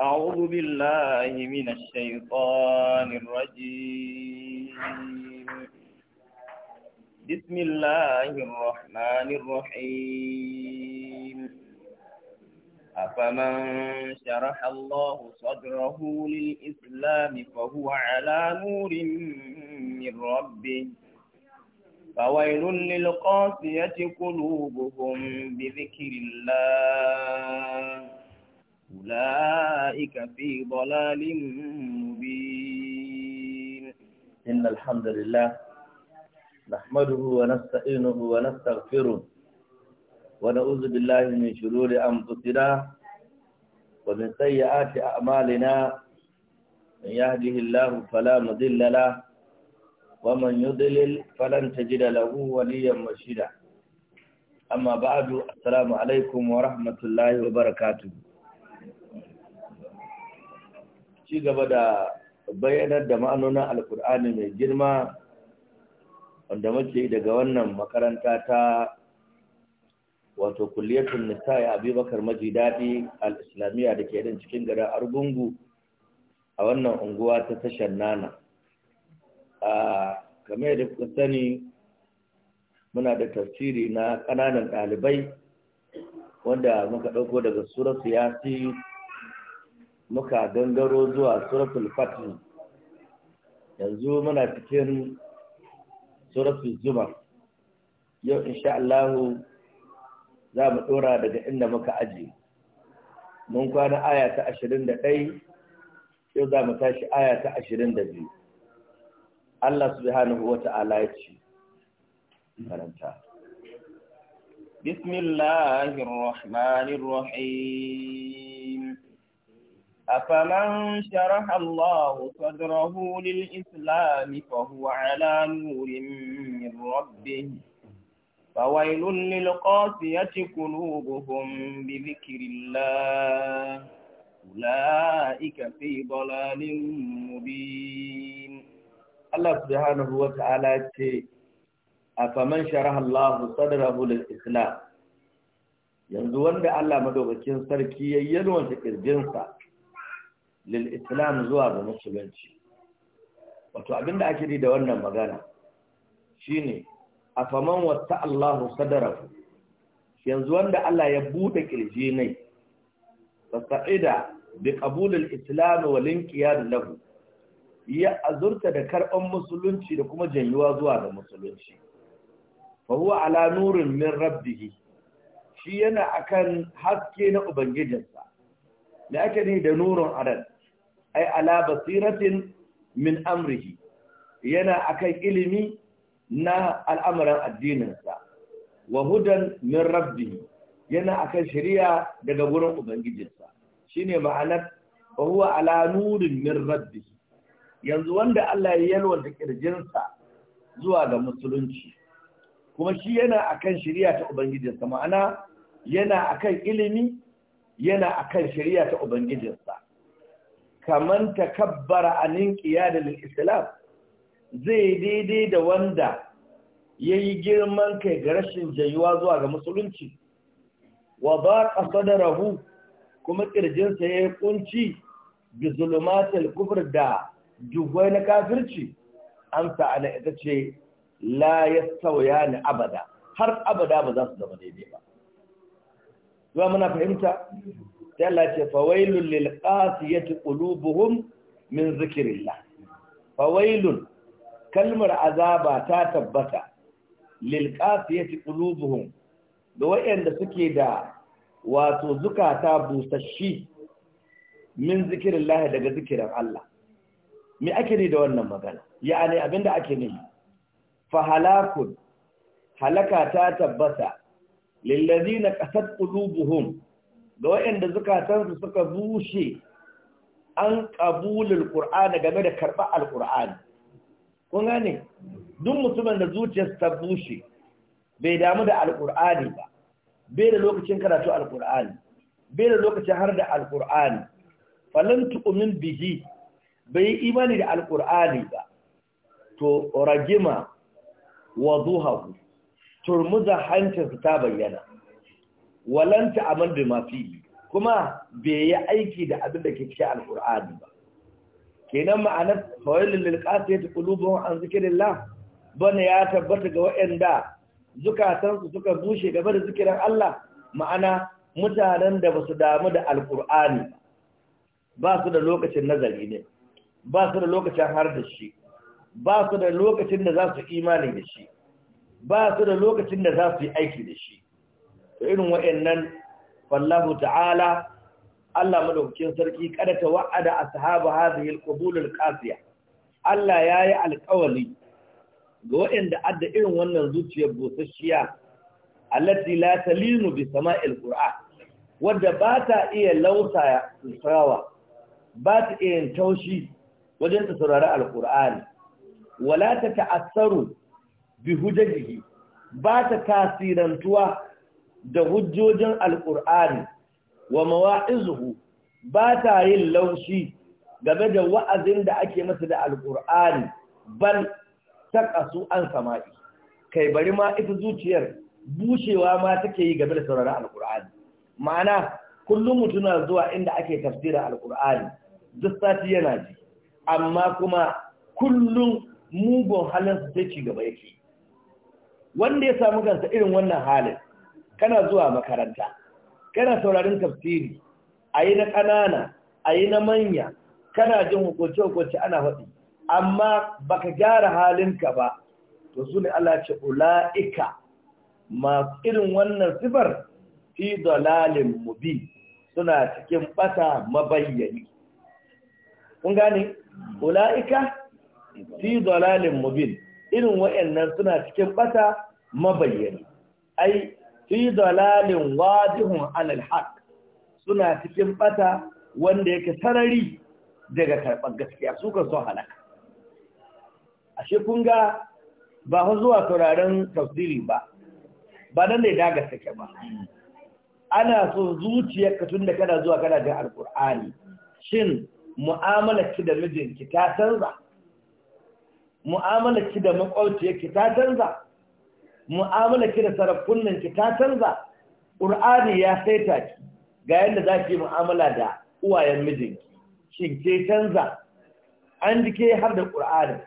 أعوذ بالله من الشيطان الرجيم بسم الله الرحمن الرحيم أفمن شرح الله صدره للإسلام فهو على نور من ربه فويل للقاسية قلوبهم بذكر الله أولئك في ضلال مبين إن الحمد لله نحمده ونستعينه ونستغفره ونعوذ بالله من شرور أنفسنا ومن سيئات أعمالنا من يهده الله فلا مضل له ومن يضلل فلن تجد له وليا مرشدا أما بعد السلام عليكم ورحمة الله وبركاته ci gaba da bayyanar da ma'anonin alkur'ani mai girma wanda muke daga wannan makaranta ta wato kulliyatun nisa'i abubakar majidadi al-islamiyya da ke din cikin garin argungu a wannan unguwa ta tashar nana a kamar da kuka sani muna da tafsiri na ƙananan ɗalibai wanda muka ɗauko daga surar yasi muka gangaro zuwa suratul fatih yanzu muna cikin suratul zumar yau insha Allah za mu dora daga inda muka aje mun kwana aya ta 21 yau za mu tashi aya ta 22 Allah subhanahu wata'ala ya ce karanta بسم الله الرحمن الرحيم أفمن شرح الله صدره للإسلام فهو على نور من ربه فويل للقاسية قلوبهم بذكر الله أولئك في ضلال مبين الله سبحانه وتعالى أفمن شرح الله صدره للإسلام ينزوان wanda مدوغة madaukakin كي ينوان yalwanta kirjinsa lil islam zuwa ga musulunci wato abinda ake yi da wannan magana shine afaman wata Allahu sadarahu yanzu wanda Allah ya buɗe kirje nai fasa'ida bi qabulil islam wa linqiyad lahu ya azurta da karban musulunci da kuma janyuwa zuwa ga musulunci Fahu huwa ala nurin min rabbih shi yana akan haske na ubangijinsa da ake ne da nurin adad ai ala basiratin min amrihi yana akan ilimi na al'amuran addininsa wa hudan min rabbihi yana akan shari'a daga wurin ubangijinsa shine ma'anar wa huwa ala nurin min rabbihi yanzu wanda Allah ya yalwata kirjinsa zuwa ga musulunci kuma shi yana akan shari'a ta ubangijinsa ma'ana yana akan ilimi yana akan shari'a ta ubangijinsa kaman takabbara anin qiyada lil islam zai daidai da wanda ya yi girman kai ga rashin jayuwa zuwa ga musulunci wa baqa rahu? kuma ƙirjinsa yayi kunci bi zulumatil kufr da duhwai na kafirci amsa ana ita ce la ni abada har abada ba za su zama daidai ba zuwa muna fahimta Tala ce fawailun lil qasiyati qulubuhum min zikrillah fawailun kalmar azaba ta tabbata lil qasiyati qulubuhum da wayanda suke da wato zukata busashi min zikrillah daga zikirin Allah me ake ne da wannan magana yani abinda ake nihi fa halakun halaka ta tabbata lil ladina qasat qulubuhum ga waɗanda zukatansu suka bushe an ƙabulin ƙur'ani game da karɓar alƙur'ani kun gane duk mutumin da zuciyarsa ta bushe bai damu da alƙur'ani ba bai da lokacin karatu alƙur'ani bai da lokacin har da alƙur'ani falon tuƙumin bihi bai yi imani da alƙur'ani ba to ragima wa zuhaku turmuza hancinsu ta bayyana walanta amal da mafi kuma bai yi aiki da abin da ke cikin alkur'ani ba kenan ma'anar fawailin lilqasiyat qulubuhum an zikrillah bana ya tabbata ga waɗanda zukatansu suka bushe game da zikirin Allah ma'ana mutanen da basu damu da alkur'ani ba su da lokacin nazari ne ba su da lokacin har da shi ba su da lokacin da za su imani da shi ba su da lokacin da za su yi aiki da shi irin nan, fallahu ta'ala Allah madaukakin sarki kada ta wa'ada a ashabu yi alqubul kasiya. Allah ya yi alƙawari ga wa'anda adda irin wannan zuciyar busasshiya allati la talinu bi sama'il qur'an wadda ba ta iya lausa sawa ba ta iya taushi wajen ta saurari alƙura'ani wala ta ta'assaru bi hujajihi ba ta tasirantuwa da hujjojin alƙur'ani wa mawa'izuhu ba ta yin laushi game da wa'azin da ake masa da alƙur'ani bal taƙasu an sama'i kai bari ma ita zuciyar bushewa ma take yi game da sauraron alƙur'ani ma'ana kullum mutuna zuwa inda ake tafsirin alƙur'ani duk sati yana ji amma kuma kullum mugun halin su sai ci gaba yake wanda ya samu kansa irin wannan halin kana zuwa makaranta kana saurarin tafsiri a na ƙanana a na manya kana jin hukunci hukunci ana faɗi amma baka gyara halinka ba to su ne Allah ce ula'ika masu irin wannan sifar fi dalalin mubi suna cikin ɓata mabayyani kun gane ula'ika fi dalalin mubi irin wa'annan suna cikin bata mabayyani ai fi dalalin wadihun alal haq suna cikin bata wanda yake sarari daga karɓar gaskiya su kan son halaka ashe kun ga ba hu zuwa turaren tafsiri ba ba nan ne daga take ba ana so zuciyarka ka da kana zuwa kana da alkur'ani shin mu'amalarki da mijinki ta canza mu'amalarki da makwabciyarki ta canza mu'amala ki da nan ki ta canza ƙur'ani ya saita ki ga yadda za ki mu'amala da uwayen mijinki shin ke canza an dike har da ƙur'ani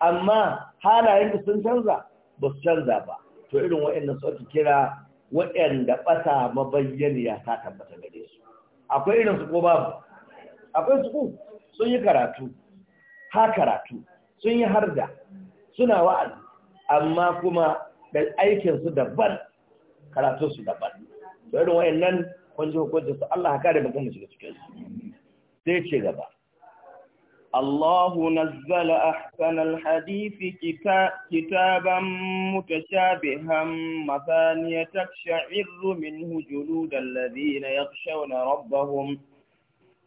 amma halayen ki sun canza ba su canza ba to irin waɗanda su kira waɗanda ɓata mabayyaniya ta tabbata gare su akwai irin su ko babu akwai su ko sun yi karatu ha karatu sun yi harda suna wa'azi amma kuma da aikinsu daban karatunsu daban da irin wayannan kun ji hukuncin su Allah ka da mutum shiga cikin su sai ce gaba الله نزل أحسن الحديث كتابا متشابها مثانية تقشعر منه جلود الذين يخشون ربهم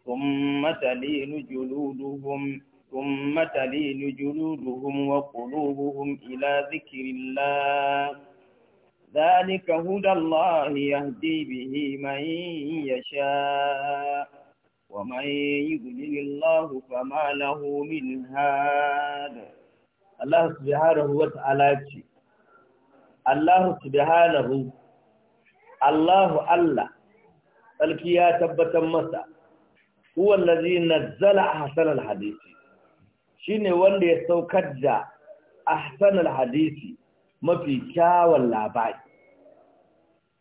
ثم تلين جلودهم ثم تلين جلودهم وقلوبهم إلى ذكر الله ذلك هدى الله يهدي به من يشاء ومن يضلل الله فما له من هاد الله سبحانه وتعالى الله سبحانه الله الله الكي يا تبتا مسا هو الذي نزل أحسن الحديث ne wanda ya saukar da ahsanul hadisi mafi kyawun labari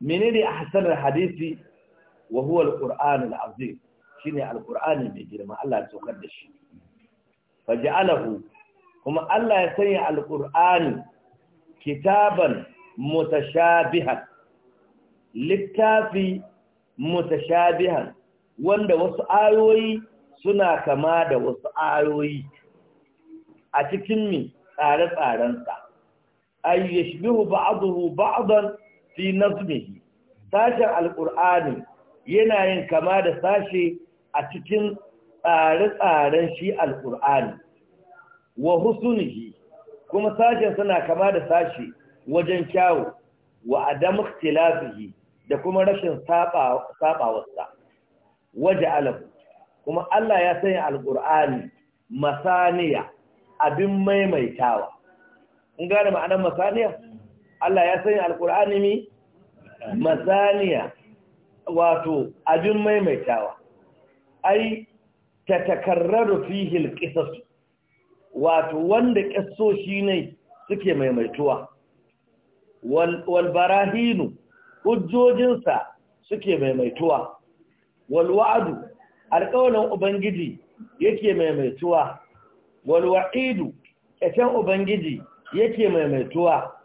menene ahsanul hadisi wa huwa alqur'anul azim ne alqur'ani mai girma Allah ya saukar da shi alahu, kuma Allah ya sanya alqur'ani kitaban mutashabihan littafi mutashabihan wanda wasu ayoyi suna kama da wasu ayoyi a cikin mi tsare-tsarensa ay yashbihu ba'dahu ba'dan fi nazmihi sashen alqur'ani yana yin kama da sashe a cikin tsare-tsaren shi alqur'ani wa husunihi kuma sashen suna kama da sashe wajen kyawu wa adam ikhtilafihi da kuma rashin saba sabawarsa waje kuma Allah ya sanya alqur'ani masaniya abin maimaitawa in gane ma'anar masaniya Allah ya sanya alkur'ani mi masaniya wato abin maimaitawa ai ta takarraru fihil kisasu wato wanda shi ne suke maimaituwa walbarahinu hujjojinsa suke maimaituwa walwa'adu alƙawarin ubangiji yake maimaituwa wal wa'idu ubangiji yake maimaituwa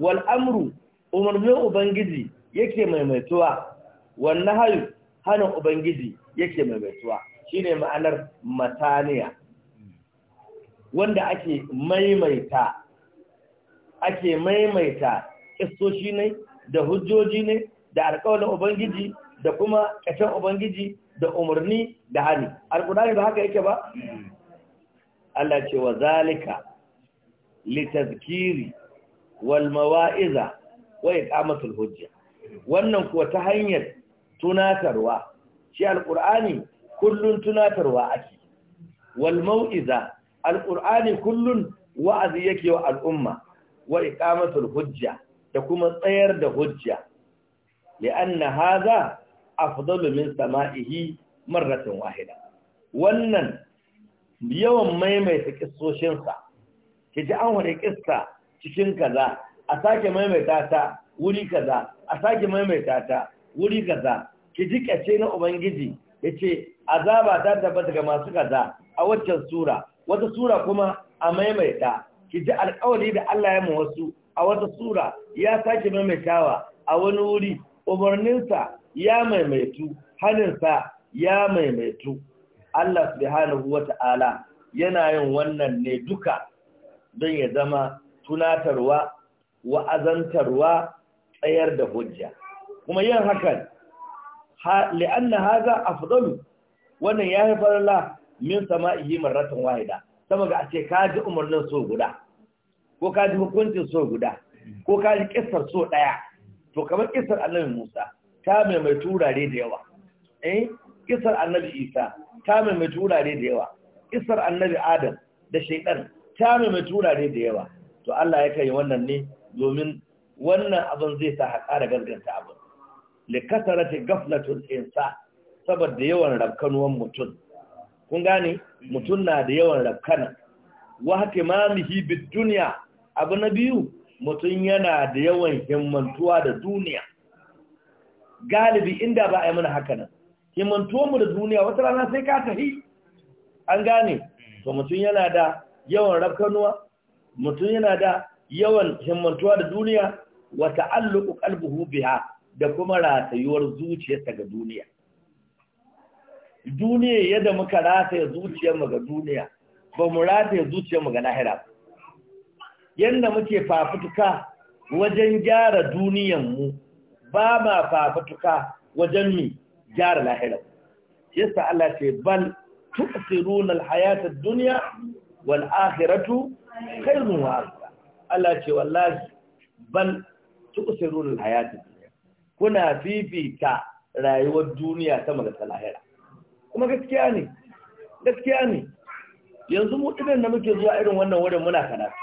wal amru umarnin ubangiji yake maimaituwa wal nahyu hana ubangiji yake maimaituwa shine ma'anar mataniya wanda ake maimaita ake maimaita ne da hujjoji ne da alƙawarin ubangiji da kuma ƙacen ubangiji da umarni da hali alƙulani ba haka yake ba Allah ce wa zalika litazkiri wal mawa'iza wa iqamatul hujja wannan kuwa ta hanyar tunatarwa shi alqur'ani kullun tunatarwa ake wal mau'iza alqur'ani kullun wa'azi yake wa al'umma wa iqamatul hujja da kuma tsayar da hujja li'anna hadha afdalu min sama'ihi marratan wahida wannan yawan maimaita kissoshinsa ki ji an wani kissa cikin kaza a sake maimaita ta wuri kaza a sake maimaita ta wuri kaza ki ji kace na ubangiji yace azaba ta tabbata ga masu kaza a waccan sura wata sura kuma a maimaita ki ji alƙawari da Allah ya wasu a wata sura ya sake maimaitawa a wani wuri umarninsa ya maimaitu haninsa ya maimaitu Allah subhanahu ta'ala yana yin wannan ne duka don ya zama tunatarwa wa'azantarwa tsayar da hujja kuma yin hakan na haza a afdalu wannan ya haifar la min sama'i marratan wahida sama ga a ce ka ji umarnin so guda ko ka ji hukuncin so guda ko ka ji so ɗaya, to kamar ƙisar annabi Musa ta mai mai turare da yawa eh ƙisar annabi Isa ta mai wurare da yawa isar annabi adam da shaidan ta mai wurare da yawa to Allah ya kai wannan ne domin wannan abin zai sa haƙa da gaskanta abin kasarati gaflatul insa saboda yawan rabkanuwan mutum kun gane mutum na da yawan rabkana wa hakimamihi bid dunya abu na biyu mutum yana da yawan himmantuwa da duniya galibi inda ba a yi mana haka nan himanto mu da duniya wata rana sai ka tafi an gane to mutum yana da yawan rafkanuwa mutum yana da yawan himmantuwa da duniya wa ta'alluqu qalbuhu biha da kuma ratayuwar zuciyarsa ga duniya duniya yadda muka rataya zuciyarmu ga duniya ba mu rataya zuciyarmu ga lahira yanda muke fafutuka wajen gyara duniyan mu, ba ma fafutuka wajen mi gyara lahirar yasa Allah ce bal tuqsiruna alhayata ad-dunya wal akhiratu khairun wa abqa Allah ce wallahi bal tuqsiruna alhayata ad-dunya kuna fifita rayuwar duniya sama da lahira kuma gaskiya ne gaskiya ne yanzu mu idan da muke zuwa irin wannan wurin muna karatu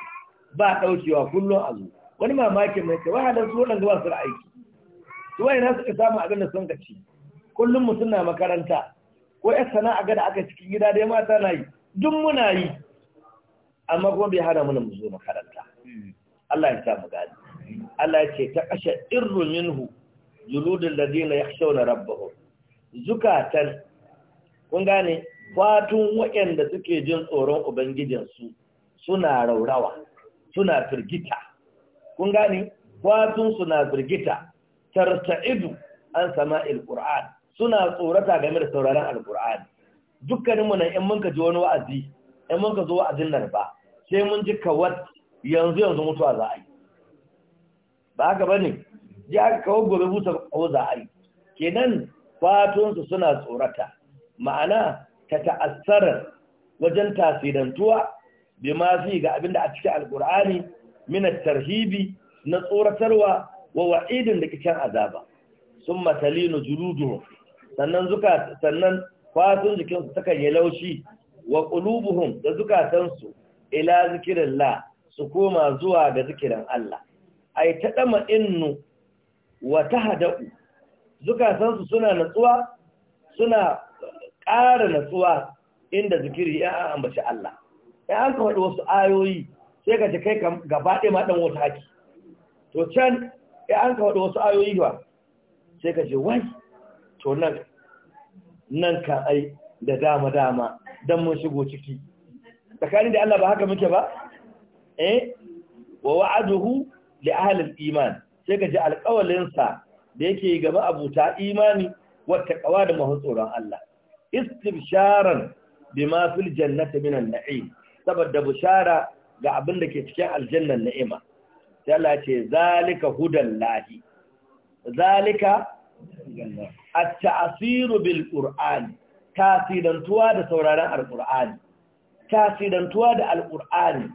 ba daukewa kullun azu wani mamakin mai "Wa wahalar su nan ba su aiki su na suka samu abin da sun gaci kullum mu suna makaranta ko ya sana'a ga da aka cikin gida dai mata na yi duk muna yi amma kuma bai hana mana mu zo makaranta Allah ya samu gani Allah ya ce ta kashe irru minhu juludul ladina yakhshawna rabbahum zukatan kun gane fatun da suke jin tsoron su suna raurawa suna firgita kun gane fatun suna firgita tarta'idu an sama'il qur'an suna tsorata game da sauraron alkur'ani dukkaninmu na in mun ka ji wani wa'azi in mun ka zo wa'azin nan ba sai mun ji kawat yanzu yanzu mutuwa za a yi ba haka ba ne ji aka kawo gobe busa ko za a yi kenan fatonsu suna tsorata ma'ana ta ta'assara wajen tasirantuwa bi ma fi ga abinda a cikin alkur'ani min tarhibi na tsoratarwa wa wa'idin da kicin azaba matali na juluduhum sannan zuka sannan fatun jikinsu takan yi laushi wa qulubuhum da zukatansu ila zikrillah su koma zuwa ga zikirin Allah ai ta dama innu wa tahda'u zukatansu suna natsuwa suna ƙara natsuwa inda zikiri ya ambaci Allah ya an ka faɗi wasu ayoyi sai ka ji kai gaba ɗaya ma dan wata haki to can ya an ka faɗi wasu ayoyi ba sai ka je wai to nan nan ka ai da dama dama don mun shigo ciki tsakanin da Allah ba haka muke ba eh wa wa'aduhu li ahli iman sai ka ji alƙawalin sa da yake gaba abuta imani wata kawa da mahutsoran Allah istibsharan bima fil jannati minan na'im saboda bushara ga abin da ke cikin aljannan na'ima sai Allah ce zalika hudan lahi zalika at-ta'siru bil qur'an tasirantuwa da sauraron alqur'ani tasidantuwa da alqur'ani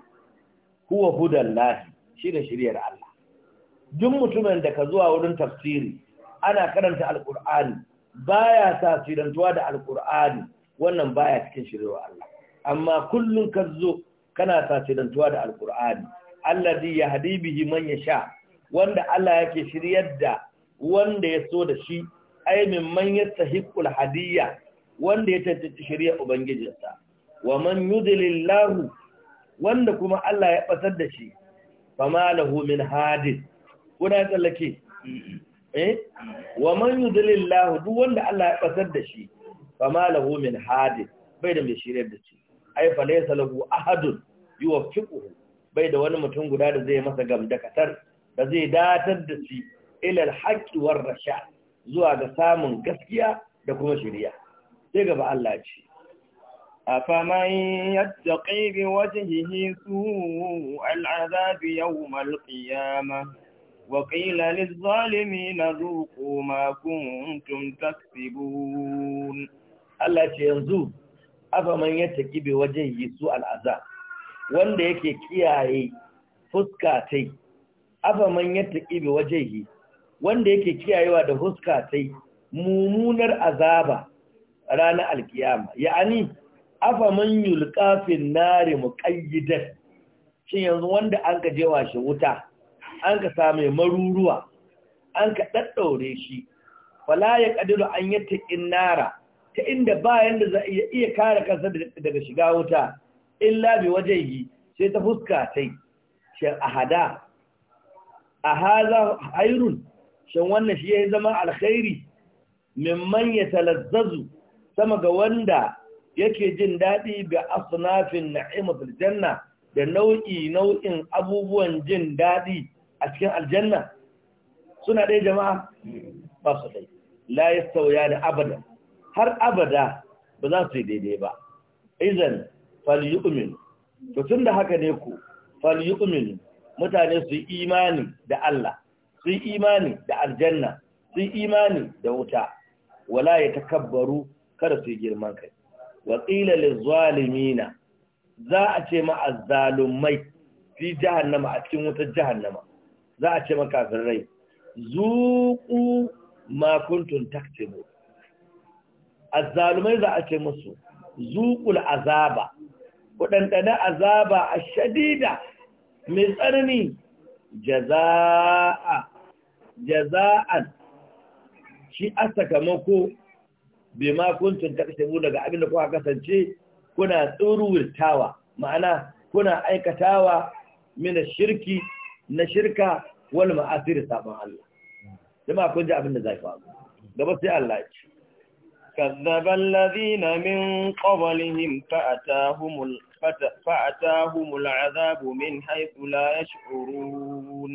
huwa hudan lahi shine shiriyar Allah duk mutumin da ka zuwa wurin tafsiri ana karanta alqur'ani baya tasidantuwa da alqur'ani wannan baya cikin shiriyar Allah amma kullun ka zo kana tasidantuwa da alqur'ani alladhi yahdi bihi man yasha wanda Allah yake shiryar da wanda ya so da shi ai manyan yastahiqul hadiyya wanda ya tantance shari'a ubangijinsa wa man yudlillahu wanda kuma Allah ya basar da shi fama lahu min hadis kuna tsallake eh wa man yudlillahu duk wanda Allah ya basar da shi fama lahu min hadis bai da mai shirya da shi ai fa laysa lahu ahadun yuwaffiquhu bai da wani mutum guda da zai masa gamdakatar da zai datar da shi ilal haƙƙi war rasha zuwa ga samun gaskiya da kuma shirya sai gaba Allah ce afa man yattaqi bi wajhihi su'al azabi yawm alqiyama wa qila lil zalimina dhuqu ma kuntum taksibun Allah ce yanzu afa man yattaqi bi wajhihi su azab wanda yake kiyaye fuska tai afa man yattaqi bi wajhihi wanda yake kiyayewa da huska sai mumunar azaba ranar alkiyama ya'ani afa man yulqa fi nari muqayyidan shin yanzu wanda an ka jewa shi wuta an ka same maruruwa an ka daddaure shi fala ya qadiru an in nara ta inda ba yanda za iya iya kare kansa daga shiga wuta illa bi wajhihi sai ta fuska sai shi ahada ahaza hayrun shin wannan shi ya yi zama alkhairi mimman ya talazzazu sama ga wanda yake jin daɗi ga asnafin na'imatul janna da nau'i nau'in abubuwan jin daɗi a cikin aljanna suna ɗaya jama'a ba su ɗai la ya sauya da abada har abada ba za su yi daidai ba izan faliyu to tun da haka ne ku falyumin mutane su yi imani da Allah sun imani da aljanna sun imani da wuta wala ya takabbaru kada su girman kai wa qila lizalimina za a ce ma azzalumai fi jahannama a cikin wutar jahannama za a ce ma kafirai zuqu ma kuntum taktibu azzalumai za a ce musu zuqul azaba kudandana azaba ashadida mai tsarni jaza'a jaza'an shi a sakamako bai makuncin takashimu daga abinda kuka kasance kuna tsururtawa ma'ana kuna aikatawa mina shirki na shirka wal ma'asir sabon Allah ma kun ji abinda zai faru gaba sai Allah ya ce كذب الذين من قبلهم فأتاهم فأتاهم العذاب من حيث لا يشعرون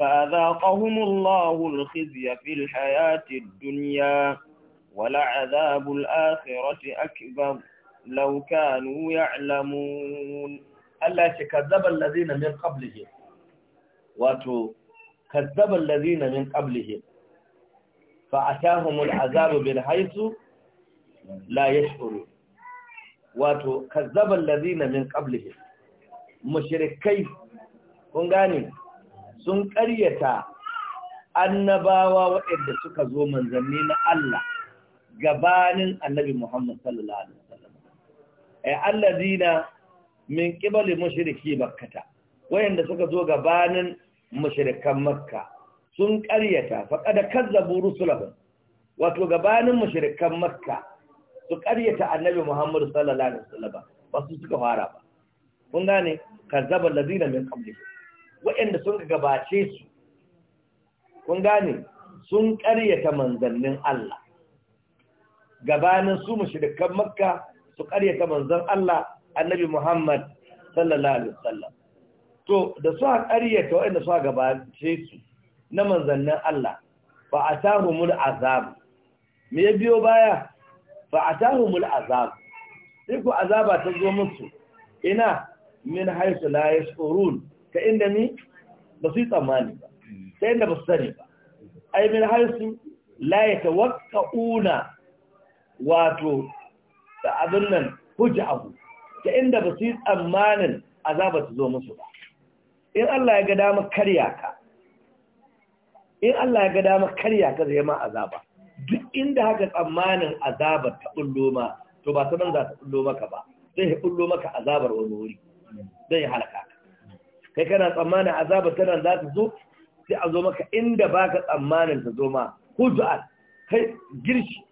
فأذاقهم الله الخزي في الحياة الدنيا ولعذاب الآخرة أكبر لو كانوا يعلمون الله كذب الذين من قبلهم واتو كذب الذين من قبلهم فأتاهم العذاب من حيث لا يشعرون واتو كذب الذين من قبلهم مشركين kun gane sun ƙaryata annabawa waɗanda suka zo manzanni na Allah gabanin annabi Muhammad sallallahu alaihi wasallam ay allazina min qibali mushriki makkata wayanda suka zo gabanin mushrikan makka sun ƙaryata faqad kazzabu rusulahum wato gabanin mushrikan makka su ƙaryata annabi Muhammad sallallahu alaihi wasallam ba su suka fara ba kun gane kazzaba allazina min qablihi waɗanda sun gabace su kun gane sun ƙaryata manzannin Allah gabanin su mushrikan makka su ƙaryata manzan Allah annabi Muhammad sallallahu alaihi wasallam to da su ƙaryata waɗanda su gabace su na manzannin Allah fa atahumul azab me ya biyo baya fa atahumul azab sai ku azaba ta zo musu ina min haythu la yashurun ka inda ni ba su yi tsammani ba ta inda ba su sani ba ai min haisu la ya una wato da abin nan abu ta inda ba su yi tsammanin azabar su zo musu ba in Allah ya ga dama karya ka in Allah ya ga dama karya ka zai ma azaba duk inda haka tsammanin azabar ta bullo ma to ba sanan za ta bullo maka ba zai ya bullo maka azabar wani wuri zai halaka ka sai kana tsammanin azaba tana za ta zo sai a zo maka inda baka tsammanin ta zo ma hudu'al kai girshi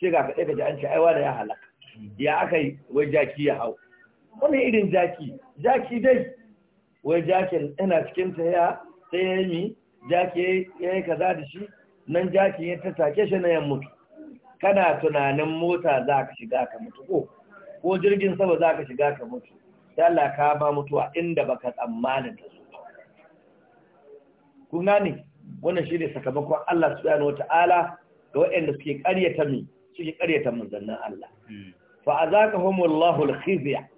sai ga kaɗai ka ji an ce aiwa da ya halaka ya aka yi wai jaki ya hau wani irin jaki jaki dai wai jaki yana cikin ta ya sai ya yi jaki ya yi kaza da shi nan jaki ya ta take shi na yan mutu kana tunanin mota za ka shiga ka mutu ko ko jirgin sama za ka shiga ka mutu sai Allah ka ba mutuwa inda baka tsammanin ta su kun gane wannan shi ne sakamakon Allah subhanahu wata'ala ga waɗanda suke ƙaryata suke ƙaryata manzannin Allah fa azakahumullahu alkhizya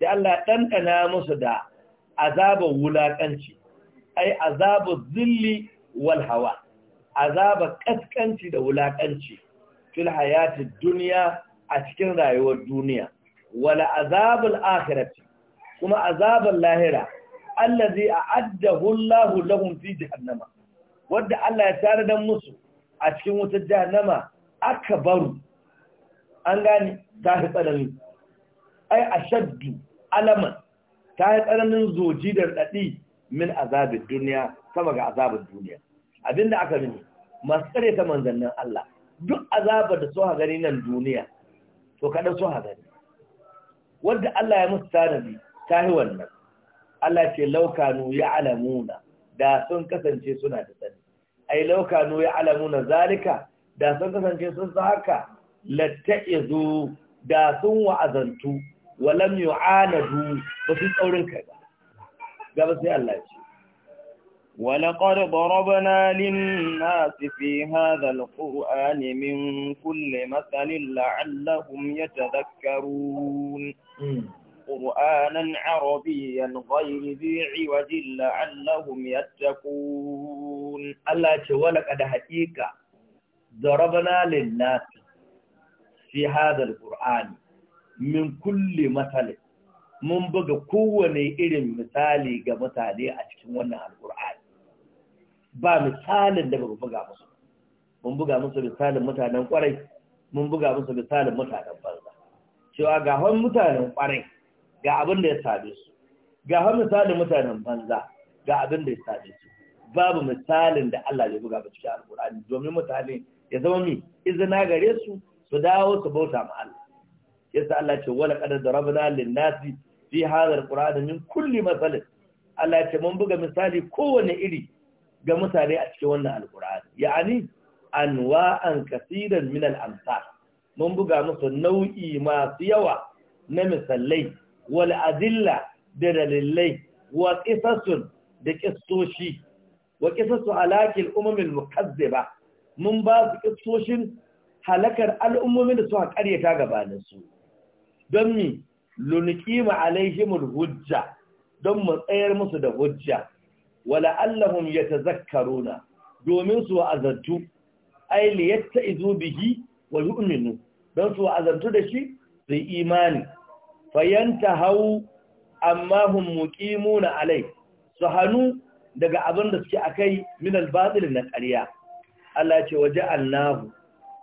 da Allah ɗanɗana musu da azabar wulaƙanci ai azabar zilli wal hawa azabar ƙasƙanci da wulaƙanci fil hayatid duniya a cikin rayuwar duniya wala azabul akhirati kuma azabar lahira allazi a'addahu Allahu lahum fi jahannama wanda Allah ya tare dan musu a cikin wutar jahannama akbaru an gane ta tsanani ai ashaddu alaman ta yi tsananin zoji da raɗaɗi min azabin duniya sama ga azabin duniya abinda aka mini masu tsare ta manzannin Allah duk azabar da so gani nan duniya to kaɗan so gani wadda Allah ya musu tanadi ta yi wannan Allah ce laukanu ya alamuna da sun kasance suna da sani ai laukanu ya alamuna zalika da sun kasance sun sa haka latta'izu da sun wa'azantu Wa lam yu'anadu ba su tsaurin kai ba gaba sai Allah ce ولقد ضربنا للناس في هذا القرآن من كل مثل لعلهم يتذكرون قرآنا عربيا غير ذي عوج لعلهم يتقون الله تولك على حقيقة ضربنا للناس في هذا القرآن من كل مثل mun buga kowane irin misali ga mutane a cikin wannan alkur'ani ba misalin da ba buga musu mun buga musu misalin mutanen kwarai mun buga musu misalin mutanen banza cewa ga hon mutanen kwarai ga abin da ya sabe su ga har misalin mutanen banza ga abin da ya sabe su babu misalin da Allah ya buga ba cikin alkur'ani domin mutane ya zama mi izina gare su su dawo su bauta ma Allah yasa Allah ce wala qad darabna lin nasi fi hadha alqur'ani min kulli masal Allah ce mun buga misali kowane iri ga mutane a cikin wannan alkur'ani ya'ani anwa'an kaseeran min al-amsal mun buga musu nau'i masu yawa na misalai wal da dalilai wa da qissoshi wa qisasu halakil umamil mukazziba mun ba su qissoshin halakar al'ummomin da suka karyata gabanin su don mi lunqima alaihimul hujja don mu tsayar musu da hujja wala ta zakkaruna domin su azantu ai ta izu bihi wa umminu, don su azantu da shi su imani fayanta hau amma hun muƙimu na alai su hannu daga abin da suke akai minal albatil na ƙarya Allah ce waje annahu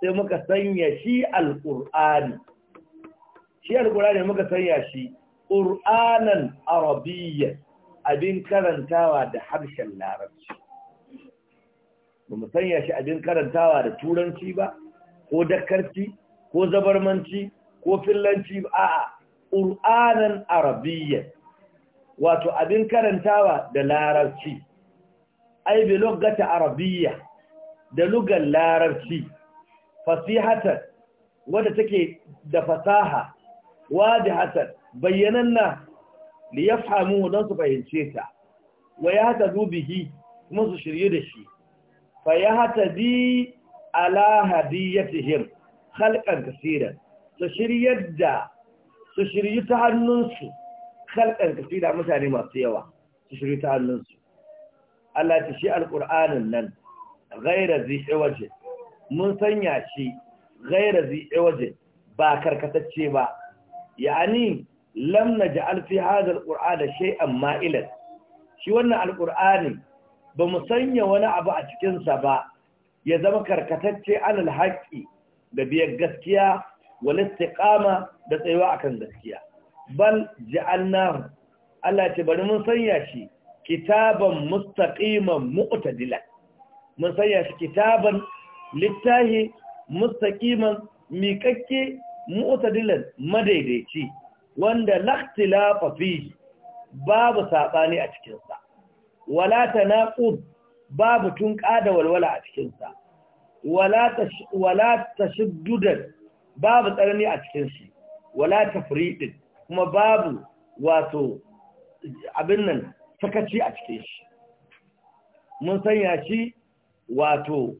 sai muka sanya shi al’ur'ani shi al’ur'ani muka sanya shi ƙur'anan arabiyya abin karantawa da harshen larabci ba mu sanya shi abin karantawa da turanci ba ko dakarci ko zabarmanci ko fillanci ba a'a ƙur'anin arabiyya wato abin karantawa da larabci ai bi luggata arabiyya da lugar larabci fasihatar wadda take da fasaha wadihatan bayyananna li yafhamu don su fahimce ta wa ya hata bihi kuma su shirye da shi fa ya hata bi ala Halkan khalqan su shiryar da su shiryu ta hannunsu kalkar fi da mutane masu yawa su shiryu ta hannunsu Allah ta shi alƙur'anin nan gaira zai waje mun sanya shi gaira zai waje ba karkatacce ba ya'ani lam na ji alfi hazar shai amma ma'ilan shi wannan alƙur'ani ba mu sanya wani abu a cikinsa ba ya zama karkatacce alal haƙƙi da biyar gaskiya wal istiqama da tsayuwa akan gaskiya bal ja'alnahu Allah ce bari mun sanya shi kitaban mustaqiman mu'tadilan mun sanya shi kitaban littahi mustaqiman miƙaƙƙe mu'tadilan madaidaici wanda lakhtilafa fihi babu sabani a cikin sa wala tanaqud babu tunƙa da walwala a cikin sa wala wala tashaddudan babu tsarni a cikin shi wala tafriqin kuma babu wato abin nan sakaci a cikin shi mun sanya shi wato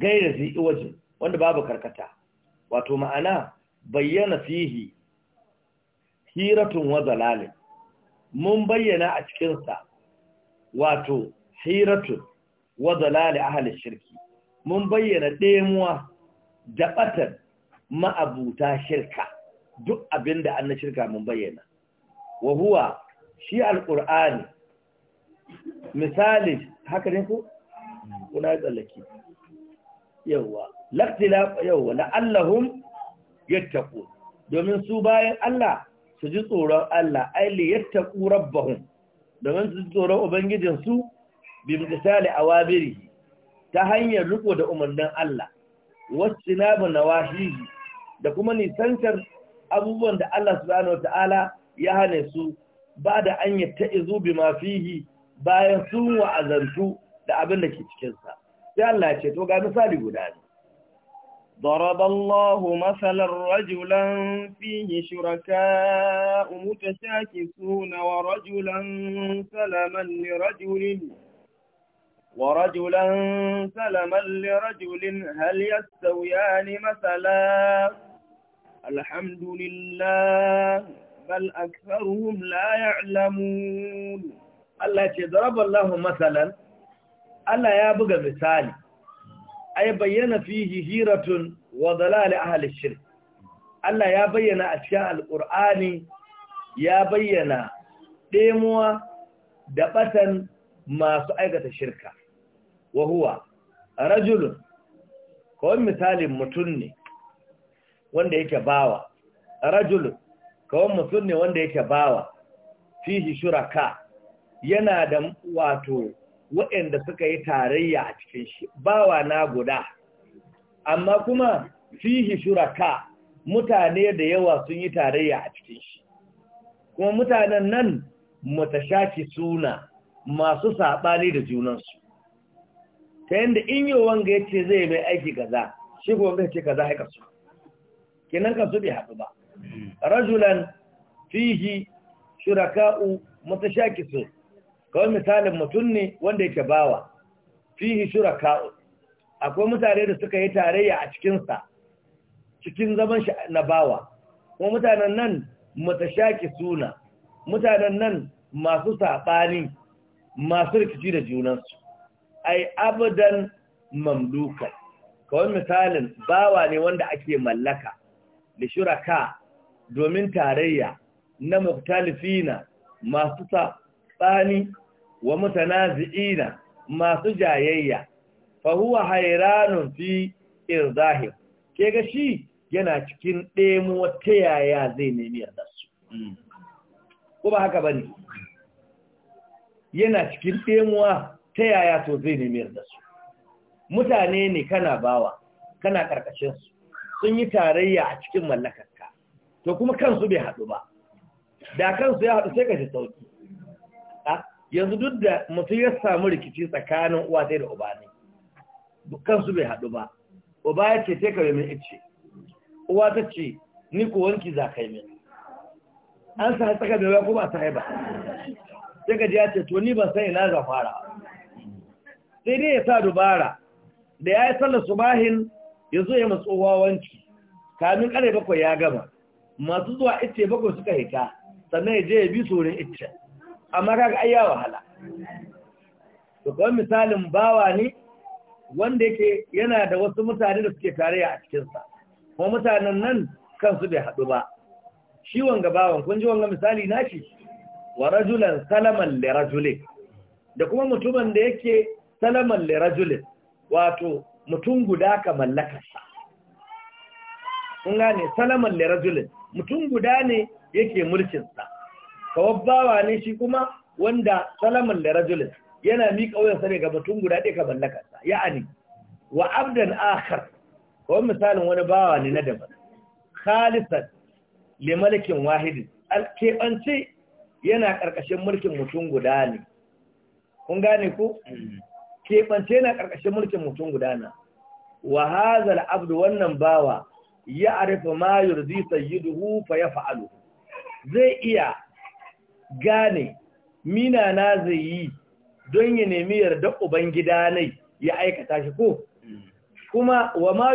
gaira zai waje wanda babu karkata wato ma'ana bayyana fihi hiratun wa zalalin mun bayyana a cikinsa wato hiratun wa zalali ahalin shirki mun bayyana ɗemuwa da ɓatar ma'abuta shirka duk abin da an na shirka mun bayyana Wahuwa huwa shi alƙur'ani misali haka ne ku kuna tsallake yawwa laktila yawwa la'allahum yattaqu domin su bayan Allah su ji tsoron Allah ai li yattaqu rabbahum domin su ji tsoron ubangijin su bi misali awabiri ta hanyar riko da umarnin Allah wasu na nawahihi da kuma nisantar abubuwan da Allah subhanahu wata'ala ya hane su ba da an yi ta izu bi mafihi bayan sun wa'azantu da abin da ke cikinsa. Sai Allah ce, to ga misali guda ne. ضرب الله مثلا رجلا فيه شركاء متشاكسون ورجلا سلما لرجل ورجلا سلما لرجل هل يستويان مثلا alhamdulillah bal aktharuhum la ya'lamun Allah Allah masalan Allah ya buga misali ay bayyana fihi hiratun wa dalal ahli shirk Allah ya bayyana a cikin Alkur'ani, ya bayyana demuwa da ɓatan masu aikata shirka wa huwa rajulun ko misalin mutum ne wanda yake bawa rajul kawai mutum ne wanda yake bawa fihi shuraka yana da wato waɗanda suka yi tarayya a cikin shi bawa na guda amma kuma fihi shuraka mutane da yawa sun yi tarayya a cikin shi kuma mutanen nan matashaki suna masu saɓani da junansu ta yadda in yi wanga yace zai mai aiki kaza shi ko wanga ce kaza haika su kenan su bai haɗu ba hmm. rajulan fihi shuraka'u mutashakisu kawai misalin mutum ne wanda yake bawa fihi shuraka'u akwai mutane da suka yi tarayya a cikinsa cikin zaman shi na bawa kuma mutanen nan matashaki suna mutanen nan masu saɓani masu rikici da junansu ai abadan mamluka kawai misalin bawa ne wanda ake mallaka da shuraka domin tarayya na muktalifina masu tsani wa mutanazi'ina masu jayayya fahuwa hairanun fi irzahi ke ga shi yana cikin ɗemu ta yaya zai nemi yarda su ko haka ba ne yana cikin ɗemuwa ta yaya to zai nemi su mutane ne kana bawa kana ƙarƙashinsu sun yi tarayya a cikin mallakarka to kuma kansu bai haɗu ba da kansu ya haɗu sai ka shi sauki ah, yanzu duk da mutum ya samu rikici tsakanin uwa sai da uba ne kansu bai haɗu ba uba ya ce sai ka yi min ice uwa ta ce ni ko wanki za ka yi min an sa tsaka da ko ba sai ba sai ka ji ya ce to ni ban san ina za fara sai dai ya sa dubara da ya yi sallar subahin ya zo ya matso wanki kamin kare bakwai ya gama masu zuwa ice bakwai suka hita sannan ya je ya bi sorin ice amma kaga ayya wahala to kawai misalin bawa ne wanda yake yana da wasu mutane da suke tarayya a cikinsa kuma mutanen nan kansu bai haɗu ba shi wanga bawan kun ji wanga misali nashi wa rajulan salaman li rajulin da kuma mutumin da yake salaman li rajulin wato mutum guda ka mallakarsa kun ne salaman lirajulin mutum guda ne yake mulkinsa kawabbawa ne shi kuma wanda salaman lirajulin yana miƙa wuyansa ne ga mutum guda ɗaya ka mallakarsa ya'ani wa abdan akhar kawai misalin wani bawa ne na daban le mulkin wahidin alkeɓance yana ƙarƙashin mulkin mutum guda ne kun gane ku mm. keɓance na ƙarƙashin mulkin mutum gudana wa hazal abdu wannan bawa ya arifa ma yurzi sayyiduhu fa ya fa'alu zai iya gane mina na zai yi don ya nemi yarda ubangida nai ya aikata shi ko kuma wa ma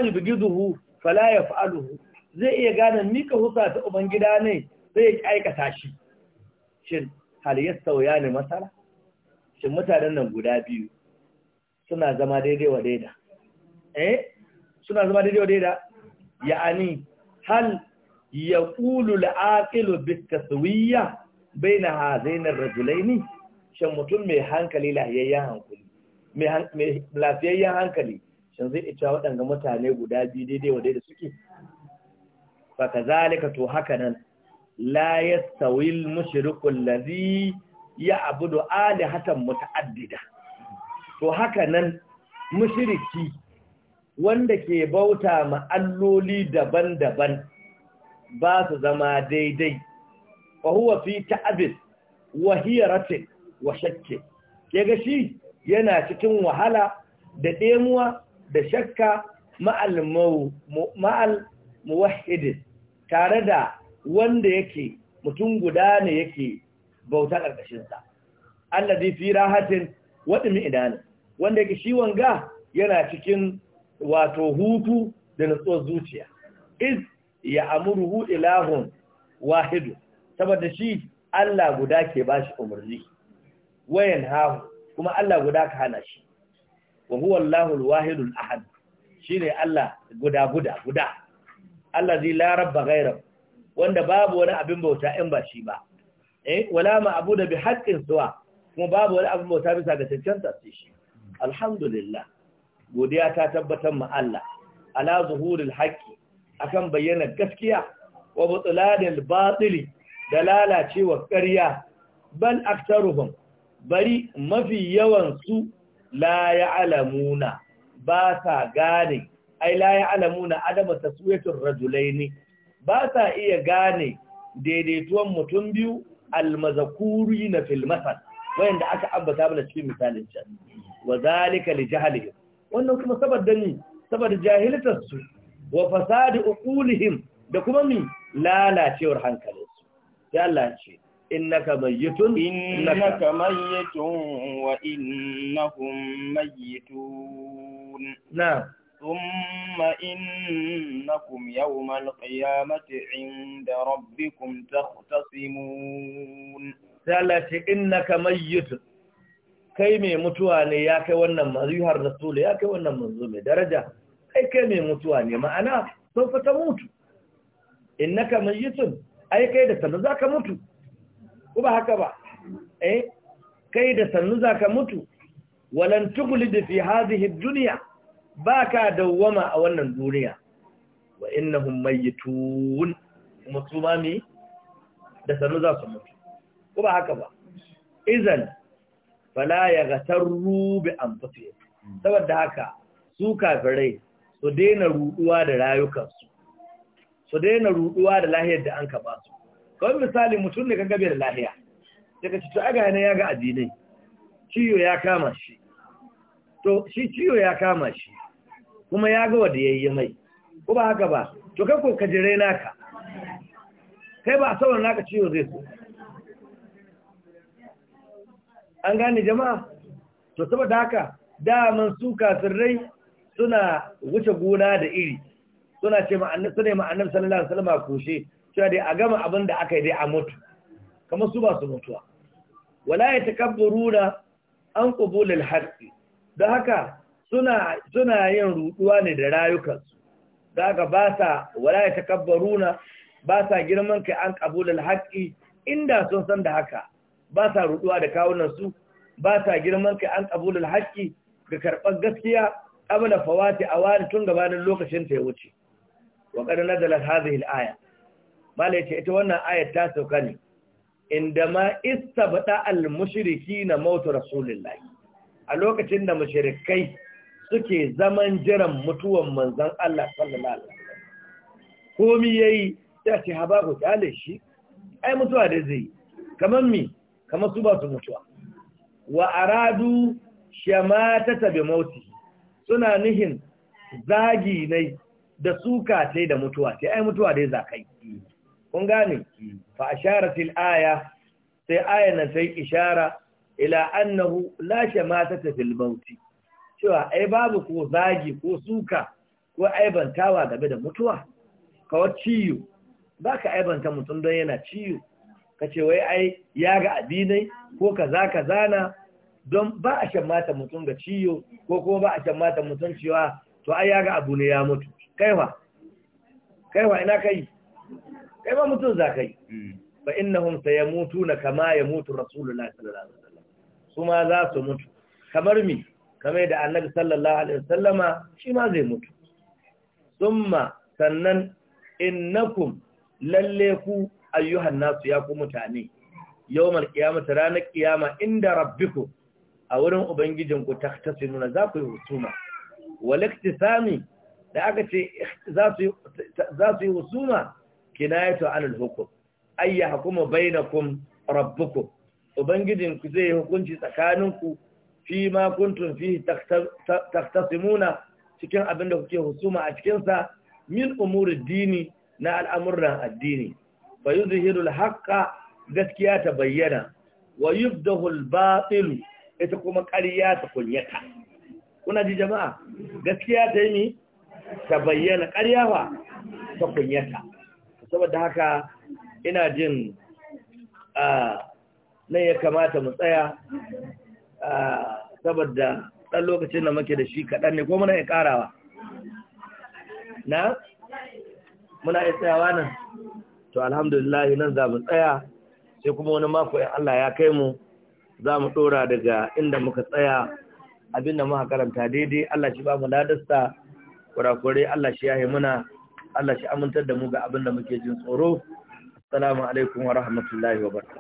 fa la ya fa'aluhu zai iya gane mika husa ta ubangida nai sai ya aikata shi shin hal yastawya ne masala shin mutanen nan guda biyu suna zama daidai wa daida eh suna zama daidai wa daida ya'ani hal yaqulu al-aqilu bitaswiya baina hazain ar-rajulaini shan mutum mai hankali lahiyayyen hankali mai lafiyayyen hankali shan zai ita waɗanda mutane guda biyu daidai wa daida suke fa kazalika to haka nan la yastawil mushrikul ladhi ya'budu alihatan muta'addida to haka nan mushiriki wanda ke bauta ma daban-daban ba su zama daidai fa huwa fi ta'abin wa wa shakke ga shi yana cikin wahala da ɗemuwa da shakka ma'al muwahidin tare da wanda yake mutum guda ne yake bauta ƙarƙashinsa allazi fi rahatin waɗin idanin wanda yake shi wanga yana cikin wato hutu da nutsuwar zuciya iz ya amuruhu ilahun wahidu saboda shi Allah guda ke bashi umarni wayan hahu kuma Allah guda ka hana shi wa huwa Allahul wahidul ahad shine Allah guda guda guda allazi la rabba ghayra wanda babu wani abin bauta in ba shi ba eh wala ma'budu bi haqqin suwa kuma babu wani abin bauta bisa ga cancanta sai shi alhamdulillah godiya ta tabbatar ma Allah ala zuhuril haqqi akan bayyana gaskiya wa butlanil batili da wa ƙarya bal aktaruhum bari mafi yawan su la ya'lamuna ba sa gane ai la ya'lamuna adama taswiyatur rajulaini ba sa iya gane daidaituwan mutum biyu almazakuri na filmasar wayanda aka ambata bala cikin misalin can wa zalika li jahlihim wannan kuma saboda ni saboda jahiltar wa fasadi uqulihim da kuma ni lalacewar hankalinsu sai Allah ya ce innaka mayyitun innaka mayyitun wa innahum mayyitun na'am ثم إنكم يوم القيامة عند ربكم تختصمون ثلاث إنك ميت kai mai mutuwa ne ya kai wannan mazihar rasulu ya kai wannan manzo mai daraja kai kai mai mutuwa ne ma'ana sun fata mutu innaka mayyitun ai kai da sannu zaka mutu ko ba haka ba eh kai da sannu zaka mutu walan tughlid fi hadhihi dunya baka dawwama a wannan duniya wa innahum mayyitun kuma su ma me da sannu za su mutu ko ba haka ba izan fala ya gatarru bi anfusihim hmm. saboda haka su kafirai su daina ruduwa da rayukansu su daina ruduwa da lahiyar da an ka ba su kawai misali mutum ne kan gabe da lahiya daga cikin aga ne ya ga addinai ciyo ya kama shi to shi ciyo ya kama shi kuma ya ga wanda yayi mai ko ba haka ba to kai ko ka jire naka kai ba saboda naka ciyo zai so an gane jama'a to saboda haka daman su kafirai suna wuce gona da iri suna ce ma'annabi sune ma'annabi sallallahu alaihi wasallam kushe cewa dai a gama abin da aka yi dai a mutu kamar su ba su mutuwa wala yatakabburuna an qubulil haqqi da haka suna suna yin ruduwa ne da rayukansu da haka ba sa wala yatakabburuna ba sa girman kai an qabulil haqqi inda sun san da haka ba sa ruduwa da kawunansu su ba sa girman kai an kabulul haqqi ga karɓar gaskiya abla fawati awani tun gabanin lokacin ta ya wuce wa qad nazalat hadhihi al-aya mala yace ita wannan ayat ta sauka ne indama baɗa al na maut rasulillahi a lokacin da mushrikai suke zaman jiran mutuwan manzon Allah sallallahu alaihi wasallam komi yayi ta ce haba ku shi ai mutuwa da zai kamar mi kamar su ba su mutuwa wa aradu ta bi mauti suna nihin zagi ne da suka sai da mutuwa sai ai mutuwa dai zakai kun gane fa asharatil aya sai aya nan sai ishara ila annahu la ta fil mauti cewa ai babu ko zagi ko suka ko aibantawa game da mutuwa kawai ciyo ba ka aibanta mutum don yana ciyo ka ce wai ai ya ga addinai ko kaza kaza na don ba a shan mata mutum ga ciyo ko kuma ba a shan mata mutum cewa to ai ya ga abu ne ya mutu kaiwa kaiwa ina kai kai ba mutum za kai hmm. fa innahum sayamutuna kama yamutu rasulullahi sallallahu alaihi wasallam ma za su mutu kamar mi kamar da annabi sallallahu alaihi wasallama shi ma zai mutu summa sannan innakum lalle ku ayyuhan nasu ya ku mutane yawmal qiyamati ranar kiyama inda rabbiku a wurin ubangijinku taktasimuna za ku yi husuma Sami da aka ce za su yi husuma kinayatu anil hukum ayya hukuma bainakum rabbukum ubangijinku zai hukunci tsakaninku fi ma kuntum fi taktasimuna cikin abinda kuke husuma a cikinsa min umuri dini na al'amuran addini fa yuzhiru al-haqqa gaskiya ta bayyana wa yubdahu ita kuma ƙarya ta kunyata kuna ji jama'a gaskiya ta yi mi ta bayyana ƙarya fa ta kunyata saboda haka ina jin nan ya kamata mu tsaya saboda ɗan lokacin da muke da shi kaɗan ne ko muna ya ƙarawa na muna ya tsayawa nan to alhamdulillah nan za mu tsaya sai kuma wani mako in Allah ya kai mu za mu ɗora daga inda muka tsaya abinda muka karanta daidai Allah shi ba mu ladarsa kurakure Allah shi yahe muna Allah shi amintar da mu ga abin da muke jin tsoro assalamu alaikum wa rahmatullahi wa barakatuh